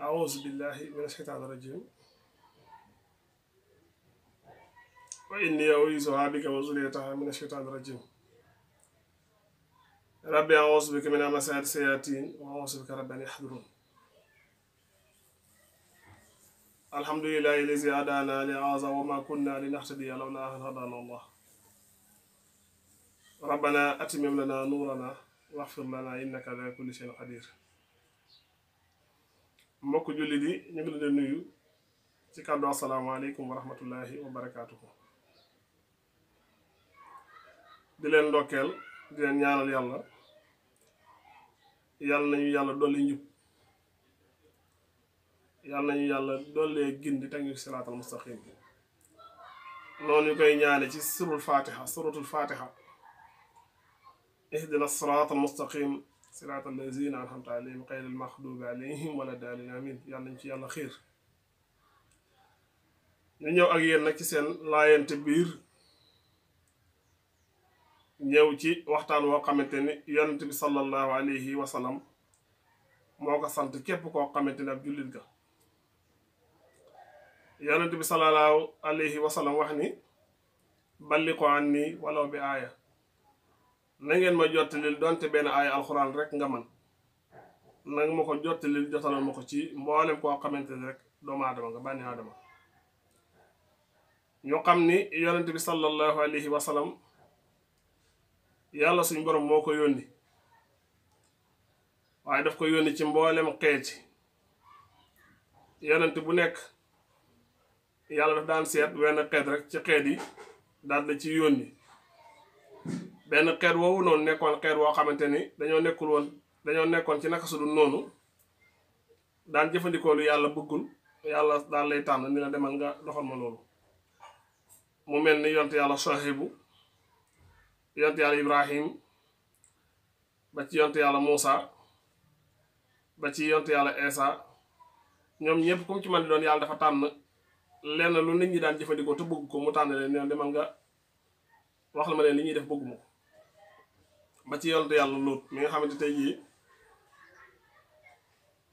أعوذ بالله من الشيطان الرجيم وإني أعوذ بك وزريتها من الشيطان الرجيم ربي أعوذ بك من أمسات سياتين وأعوذ بك رب أن يحضرون الحمد لله الذي هدانا لهذا وما كنا لنهتدي لولا أن هدانا الله ربنا أتمم لنا نورنا واغفر لنا إنك على كل شيء قدير mbokk jullit yi ñu ngi leen di nuyu ci kàddu asalaamaaleykum wa rahmatullahi wa di leen ndokkeel di leen ñaanal yàlla yàlla nañu yàlla dolli njub yàlla nañu yàlla di gindi teg ñu siraatal mustaqim noonu ñu koy ñaane ci surul fatiha suratul fatiha ihdina siraatal mustaqim siraat allazina an'amta alayhim xayril maxdubi alayhim wala daalin amin yàlla nañ ci yàlla xiir ñu ñëw ak yéen nag ci seen laayante biir ñëw ci waxtaan woo xamante ni yonent bi sallallahu alayhi wa sant képp koo xamante ni ab jullit ga bi sallallahu alayhi wa sallam wax ni balli ko an nii walaw bi aaya na ngeen ma jottalil donte benn aaya alxuraan rek nga man nanga ma ko jottalil jotalal ma ko ci mboolem koo xamante ni rek doomu aadama nga bànni aadama ñu xam ni yonent bi sallallahu alayhi wa sallam yàlla suñ borom moo ko yónni waaye daf ko yónni ci mboolem xeeti yonent bu nekk yàlla daf daan seet wenn xeet rek ci xeet yi daal la ci yónni benn xeet woowu noonu nekkoon xeet woo xamante ni dañoo nekkul woon dañoo nekkoon ci naka su dul noonu daan jëfandikoo lu yàlla bëggul yàlla daal lay tànn ni la demal nga doxal ma loolu mu mel ni yont yàlla sohibu yont yàlla ibrahim ba ci yont yàlla muusa ba ci yont yàlla esa ñoom ñëpp comme ci man di doon yàlla dafa tànn lenn lu nit ñi daan jëfandikoo te bëgg ko mu tànn leen demal nga wax la ma leen li ñuy def bëgguma ko ba ci yonte yàlla lóot mi nga xamante tey jii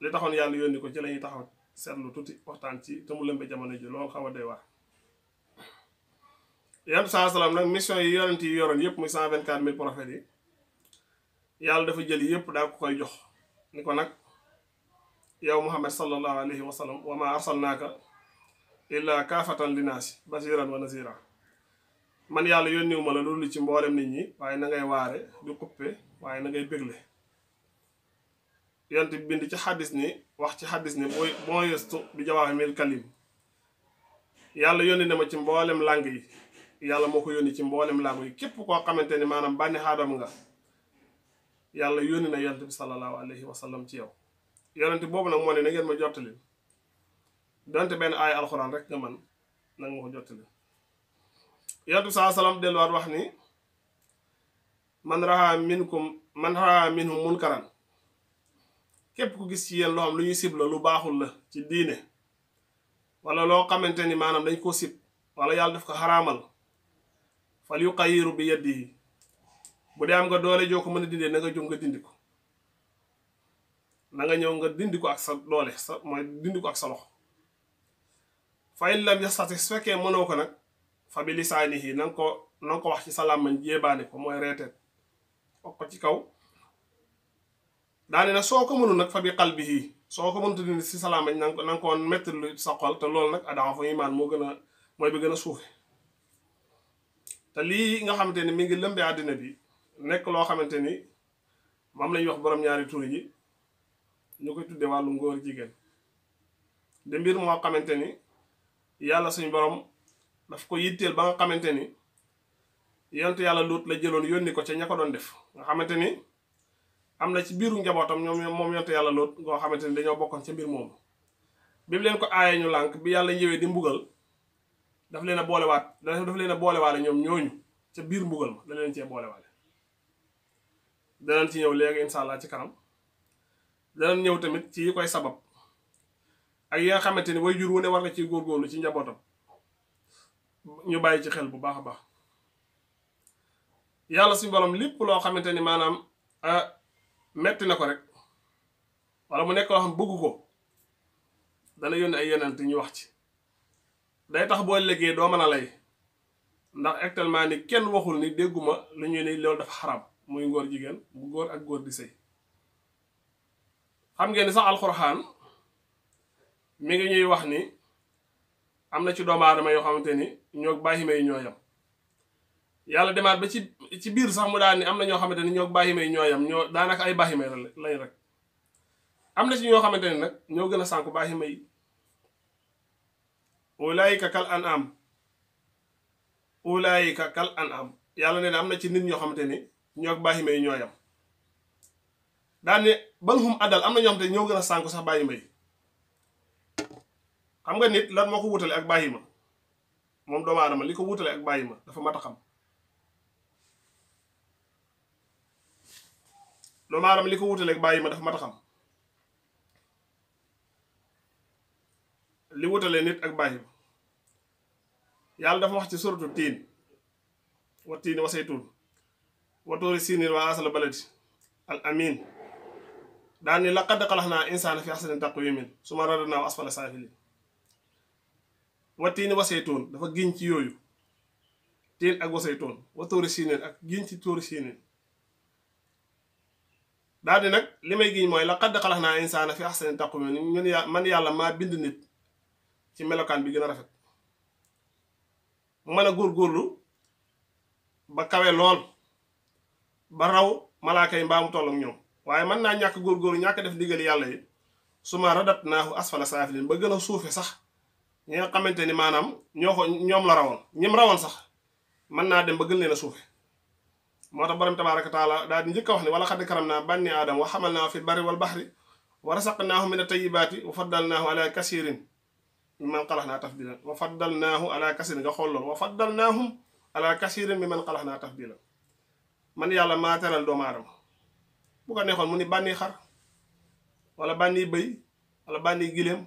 li taxoon yàlla yónni ko ci la ñuy taxaw seetlu tuuti waxtaan ci te mu lëmbe jamono ji loo xaw a doy wax yam salaam nag mission yi yonent yi yoroon yëpp muy cent vingt quatre mille prophètes yi yàlla dafa jël yëpp daal ko koy jox ni ko nag yow muhammad sallallahu alayhi wa sallam wa ma arsalnaaka illa kaafatan linaasi basiran wa nazira man yàlla yónniwu ma la loolu ci mboolem nit ñi waaye na ngay waare di xuppe waaye na ngay bégle yonent bi bind ci xaddis ni wax ci xaddis ni booy boo yestu bi jawaahiril kalim yàlla yónni na ma ci mboolem làng yi yàlla moo ko yónni ci mboolem làng yi képp koo xamante ni maanaam bànni xaadam nga yàlla yónni na yonent bi sallallahu alayhi wa ci yow yonent boobu nag moo ne na ngeen ma jottali donte benn aaya alxuraan rek nga man na nga ma ko jottali yontu saa salaam delluwaat wax ni man raha minkum man raha minhum munkaran kep ku gis ci yéen lo am lu ñuy sib lu baxul la ci diine wala lo xamanteni manam dañ ko sib wala yalla daf ko haramal fal yuqayiru bi yadihi bu dem nga doole joo meuna mën na nga jom nga dindiko na nga ñew nga dindiko ak sa doole sa moy dindiko ak sa lox fa in lam yastati su fekkee fa bi lisaanihi na nga ko na nga ko wax ci sa làmmañ jéebaane ko mooy reeteet wax ko ci kaw daane na soo ko mënul nag fa bi qalbihi soo ko mënut ni si sa làmmañ na ko na nga ko metti lu sa xol te loolu nag adama fa imaan moo gën a mooy bi gën a suufi te lii nga xamante ni mi ngi lëmbe àddina bi nekk loo xamante ni moom lañuy wax borom ñaari tur yi ñu koy tudde wàllu ngóor jigéen de mbir moo xamante ni yàlla suñu borom daf ko yitteel ba nga xamante ni yonent yàlla luut la jëloon yónni ko ca ña ko doon def nga xamante ni am na ci biiru njabootam ñoom moom yàlla luut ngoo xamante ni dañoo bokkoon ca mbir moomu bi leen ko aayee ñu lànk bi yàlla ñëwee di mbugal daf leen a boolewaat daf leen a boolewaale ñoom ñooñu ca biir mbugal ma da boolewaale danañ ci ñëw léegi incha allah ci kanam danañ ñëw tamit ci yi koy sabab ak yi nga xamante ni way jur wu ne war na ciy góorgóorlu ci njabootam ñu bàyyi ci xel bu baax a baax yàlla suñu borom lépp loo xamante ni maanaam ah, metti na ko rek wala mu nekk loo xam bëgg ko dana yónni ay yonent ñu wax ci day tax boo liggéey doo mën a lay ndax actuellement ni kenn waxul ni dégguma lu ñuy ni loolu dafa xaram muy ngóor jigéen bu góor ak góor di sëy xam ngeen ni sax alxuraan mi ngi ñuy wax ni am na ci doomu aadama yoo xamante ni ñoog bàyyima yi ñoo yàlla demaat ba ci ci biir sax mu ni am na ñoo xamante ni ñoog bàyyima yi ñoo yam ñoo daanaka ay bàyyima lañ rek am na ci ñoo xamante ni nag ñoo gën a sànku bàyyima yi ulaayika kal an yàlla nee na am na ci nit ñoo xamante ni ñoog bàyyima yi daan ne am na ñoo xamante ni gën a sànku sax bàyyima xam nga nit lan moo ko wutale ak bàyyi ma moom doomu li ko wutale bàyyi ma dafa mat a xam doomu aadama li ko wutale ak bàyyi ma dafa mat a xam li wutale nit ak bàyyi yàlla dafa wax ci suratu tiin wa tiin wa saytuun wa tuuri siiniin wa asala baladi al amin daani naa xalaxnaa insaana fi axsani taqwimin suma radadnaahu asfala saafiliin wa tiin wa dafa giñ ci yooyu tiin ak wa saytuun wa tóori ak giñ ci tóori siineen daal di nag li may giiñ mooy laqad xalaqnaa insaana fi ahsani taqwiim man yàlla maa bind nit ci melokaan bi gën a rafet mën a góorlu ba kawe lool ba raw malaaka yi mbaamu toll ak ñëw waaye mën naa ñàkk góorgóorlu ñàkk def ndigal yàlla yi suma radat naahu asfala saafilin ba gën a suufe sax ñi nga xamante ni maanaam ñoo ko ñoom la rawoon ñim rawoon sax mën naa dem ba gën leen a suufe moo tax borom tabaaraka taala daal di njëkk wax ne wala xaddi karam naa bànni aadama wa xamal naa fi bari wal baxri wa rasaqnaahu min atayibaati wa faddalnaahu ala kasirin man xalax naa tafdilan wa faddalnaahu ala kasirin nga xool loolu wa faddalnaahum mi man xalax naa tafdilan man yàlla maa teral doomu aadama bu ko neexoon mu ni bànni xar wala bànni bëy wala bànni gileem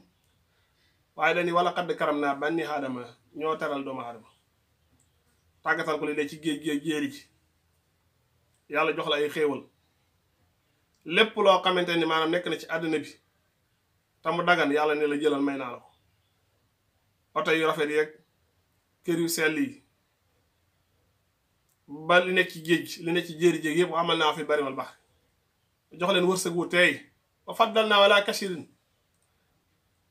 waaye dañuy wala xadd karam naa bànni aadama ñoo teral doomu aadama tàggatal ko li ne ci géej géej jéeri ci yàlla jox la ay xéewal lépp loo xamante ni maanaam nekk na ci àddina bi te mu dagan yàlla ne la jëlal may naa la ko oto yu rafet yeeg kër yu sell yi ba li nekk ci géej li nekk ci jéeri jéeg yëpp amal naa fi bari wal jox leen wërsëg wu teey wa faddal naa wala kashirin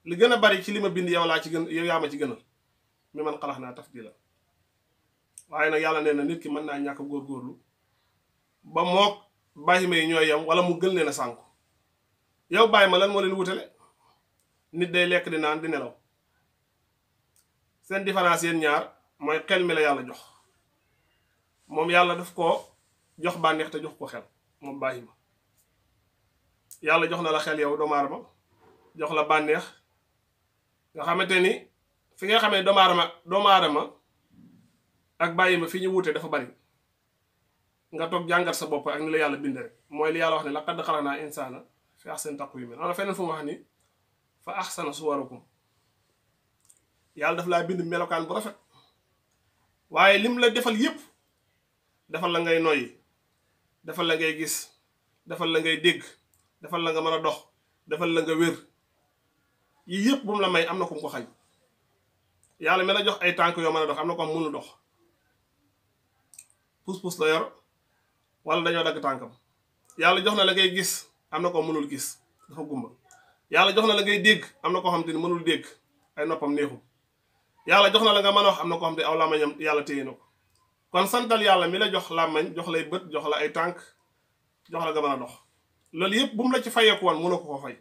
li gën a bari ci li ma bind yow laa ci gën yow yaa ma ci gënal mi man xalax naa taf di la waaye nag yàlla nee na nit ki mën naa ñàkk góorgóorlu ba moo bàyyi ma yi ñooy yem wala mu gën leen a sànku yow bàyyi ma lan moo leen wutale nit day lekk di naan di nelaw seen différence yéen ñaar mooy xel mi la yàlla jox moom yàlla daf koo jox bànneex te jox ko xel moom bàyyi ma yàlla jox na la xel yow doomu aadama jox la bànneex nga xamanteni ni fi nga xamee doomu aadama doomu aadama ak baye ma fi ñu wuté dafa bari nga tok jàngat sa bop ak ni la yalla bindé moy li yalla wax laqad khalaqna insana fi ahsani taqwim ala na fu wax ni fa ahsana suwarukum yalla daf la bind melokan bu rafet waye lim la defal yépp defal la ngay noy defal la ngay gis defal la ngay deg defal la nga mëna wir. dox defal la nga wër yii yëpp bu mu la may am na ku ko xañ yàlla la jox ay tànk yoo mën a dox am na ko am dox pus yor wala dañoo dagg tànkam yàlla jox na la ngay gis am na ko mënul gis dafa gumba yàlla jox na la ngay dégg am na koo xam te ni mënul dégg ay noppam neexu yàlla jox na la nga mën a wax am na koo xam te aw làmmañam yàlla téye na ko kon santal yàlla mi la jox làmmañ jox lay bët jox la ay tànk jox la nga mën a dox loolu yëpp bu mu la ci fayeeku woon mënu ko ko fay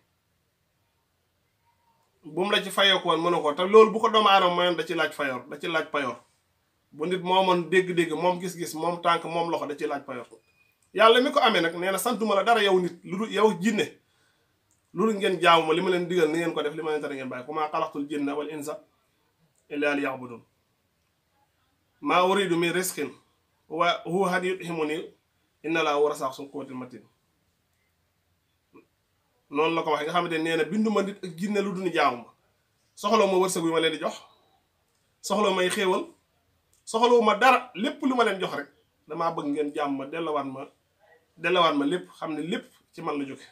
bu mu la ci fayook woon mënu ko te loolu bu ko doomu aadama mayoon da ci laaj fayoor da ci laaj payoor bu nit moo mën dégg-dégg moom gis-gis moom tànk moom loxo da ci laaj payoor yàlla mi ko amee nag nee na santuma la dara yow nit lu dul yow jinne lu dul ngeen jaamu ma li ma leen digal ni ngeen ko def li ma leen tere ngeen bàyyi ku maa xalaxtul jinna wal insa illaa liya'budun maa uridu min risqin wa huwa an yut'imun inna laa war razzaqu zul quwwatil non la ko wax nga xamanteni neena nee na binduma nit ak ginne lu dul jaamu soxlo ma ma leen di jox soxlo may xewal soxlo ma dara lepp lu ma leen jox rek dama bëgg ngeen jaam ma dellowaat ma dellowaat ma lepp xam lepp ci man la jóge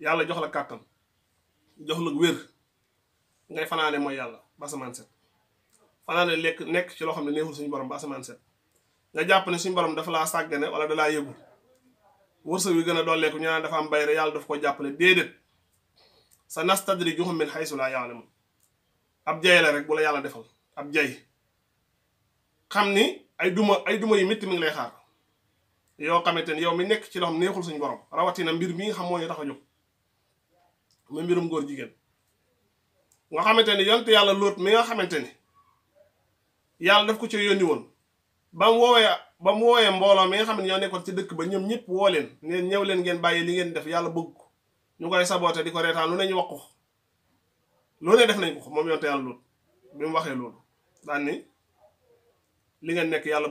yalla jox la kàttan jox la wër ngay fanane mooy yalla ba sama set fanane lek nek ci lo xam ne neexul suñu borom ba sama set nga japp ne suñu borom dafa la sagane wala wërsëg wi gën a dolleeku ñu naan dafa am bayre yàlla daf ko jàppale déedéet sa nastadrijuhum min haysu laa ya'lamun ab jay rek bu la yàlla defal ab jay xam ni ay duma ay duma yu métti mu ngi lay xaar yoo xamante ni yow mi nekk ci loo neexul suñu borom rawatina mbir mi nga xam moo ñu tax a jóg mu mbirum góor jigéen nga xamante ni yonent yàlla lóot mi nga xamante ni yàlla daf ko ci yónni woon ba mu ba mu wooyee mbooloo mi nga xam ne ñoo nekkoon ci dëkk ba ñoom ñëpp woo leen neen ñëw leen ngeen bàyyi li ngeen def yàlla bëgg ko ñu koy saboote di ko reetaan lu ne ñu wax ko lu ne def nañ ko moom yonte yàlla loolu bi mu waxee loolu daan ni li ngeen nekk yàlla